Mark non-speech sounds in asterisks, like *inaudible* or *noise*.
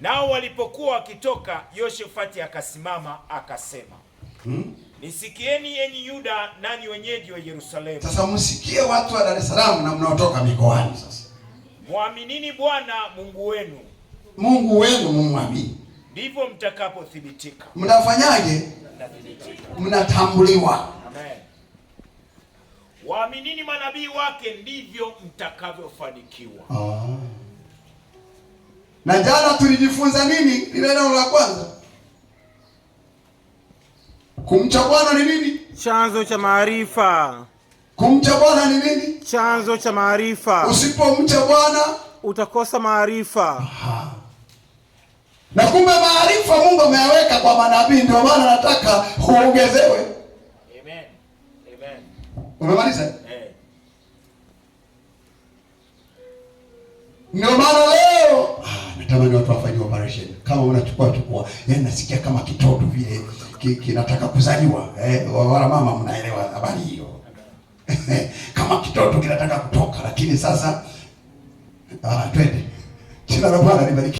Nao walipokuwa wakitoka, yoshefati akasimama akasema, hmm? Nisikieni enyi Yuda nani wenyeji wa Yerusalemu. Sasa msikie watu wa Dar es Salaam na mnaotoka mikoani. Sasa mwaminini Bwana Mungu wenu, Mungu wenu mumwamini, ndivyo mtakapothibitika. Mnafanyaje? Mnatambuliwa. Amen. Waaminini manabii wake, ndivyo mtakavyofanikiwa. Ah. Na jana tulijifunza nini? Lile neno la kwanza, kumcha Bwana ni nini? Chanzo cha maarifa. Kumcha Bwana ni nini? Chanzo cha maarifa. Usipomcha Bwana utakosa maarifa. Na kumbe maarifa Mungu ameyaweka kwa manabii, ndio maana nataka uongezewe. Amen. Amen. Umemaliza? Eh. Hey. Ndio maana contraction kama unachukua chukua, yaani nasikia kama kitoto vile kinataka kuzaliwa. Eh, wala mama, mnaelewa habari hiyo *laughs* kama kitoto kinataka kutoka, lakini sasa ah, twende. Jina la Bwana libariki.